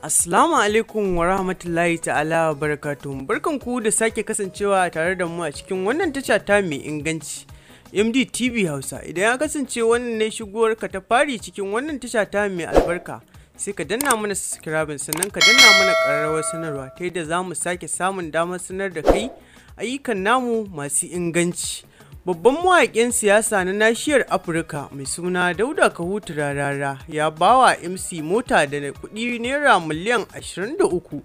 Assalamu alaikum wa rahmatullahi ta'ala wa barakatuhu. Barkan ku da sake kasancewa tare da mu a cikin wannan tasha ta mai inganci. MD TV Hausa idan ya kasance wannan ne shigowar ka ta fari cikin wannan tasha ta mai albarka sai ka danna mana subscribing sannan ka danna mana ƙararrawar sanarwa ta yadda za mu sake samun damar sanar da kai ayyukan namu masu inganci. Babban mawaƙin siyasa na nashiyar Afirka mai suna Dauda Kahutu Rarara ya bawa MC mota da kuɗi naira miliyan 23.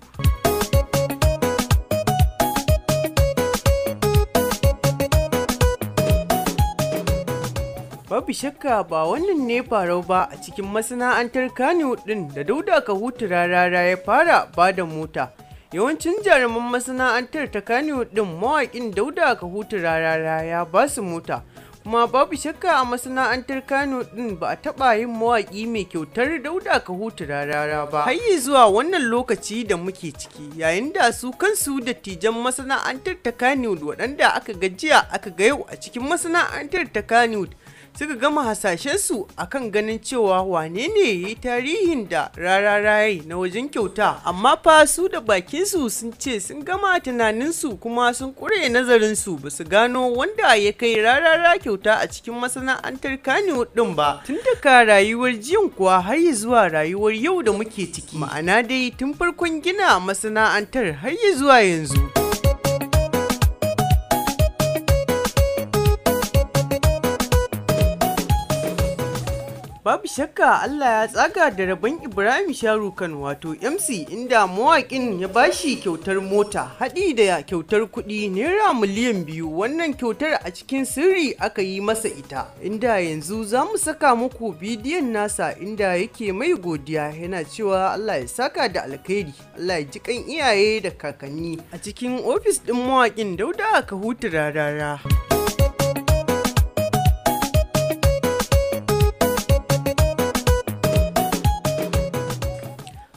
Babu shakka ba wannan ne farau ba a cikin masana'antar Kano ɗin da Dauda Kahutu Rarara ya fara bada mota. Yawancin jaruman masana'antar ta Kano din mawaƙin Dauda ka hutu rarara ya ba su mota. Kuma babu shakka a masana'antar Kano din ba a taɓa yin mawaƙi mai kyautar Dauda ka hutu rarara ba. Har yi zuwa wannan lokaci da muke ciki yayin da su kansu dattijan masana'antar ta Kano waɗanda aka gajiya aka ga yau a cikin masana'antar ta Kano suka gama hasashensu akan ganin cewa wane ne ya yi tarihin da rararaye na wajen kyauta amma fa su da bakinsu sun ce sun gama tunaninsu kuma sun kure nazarinsu ba su gano wanda ya kai rarara kyauta a cikin masana'antar kanewa din ba tun daga rayuwar jiyan kuwa har yi zuwa rayuwar yau da muke ciki ma'ana dai tun farkon gina masana'antar har yi zuwa yanzu. Babu shakka Allah ya tsaga da rabon Ibrahim Sharukan wato MC inda mawaƙin ya bashi kyautar mota haɗi da kyautar kuɗi naira miliyan biyu wannan kyautar a cikin sirri aka yi masa ita inda yanzu za mu saka muku bidiyon nasa inda yake mai godiya yana cewa Allah ya saka da alkhairi Allah ya ji kan iyaye da kakanni a cikin ofis ɗin mawaƙin Dauda ka hutu rarara.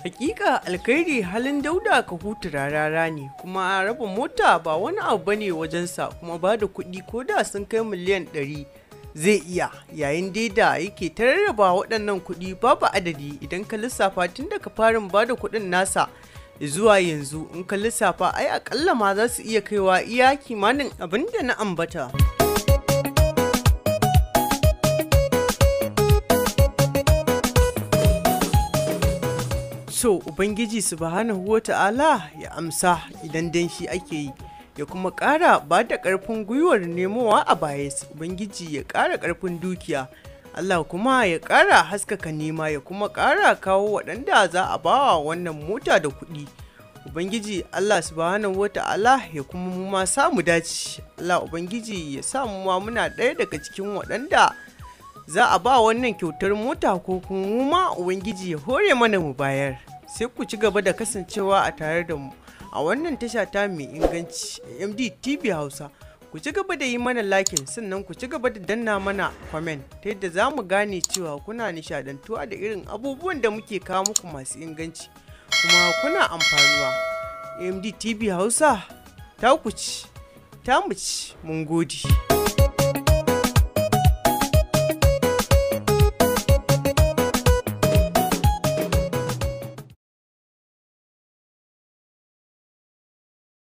Hakika alkhairi halin dauda ka hutu rarara ne kuma raba mota ba wani abu bane wajensa kuma ba da kuɗi ko da sun kai miliyan ɗari zai iya yayin dai da yake ta rarraba waɗannan kuɗi babu adadi idan ka lissafa tun daga farin ba da kuɗin nasa zuwa yanzu in ka lissafa ai akalla ma za su iya kaiwa iya kimanin abin da na ambata. so Ubangiji subhanahu wa ta'ala ya amsa idan danshi ake yi ya kuma ƙara ba da ƙarfin gwiwar nemowa a su Ubangiji ya ƙara ƙarfin dukiya Allah kuma ya ƙara haskaka nema ya kuma ƙara kawo waɗanda za a bawa wannan mota da kuɗi Ubangiji Allah subhanahu wa ta'ala ya kuma mu ma samu dace Allah Ubangiji ya samu ma muna ɗaya daga cikin waɗanda za a ba wannan kyautar mota ko kuma ubangiji ya hore mana mu bayar sai ku ci gaba da kasancewa a tare da mu a wannan tasha ta mai inganci md tv hausa ku ci gaba da yi mana lakin sannan ku ci gaba da danna mana kwamen ta yadda za mu gane cewa kuna nishadantuwa da irin abubuwan da muke kawo muku masu inganci kuma kuna amfanuwa md tv hausa ta ku ci ta mu ci mun gode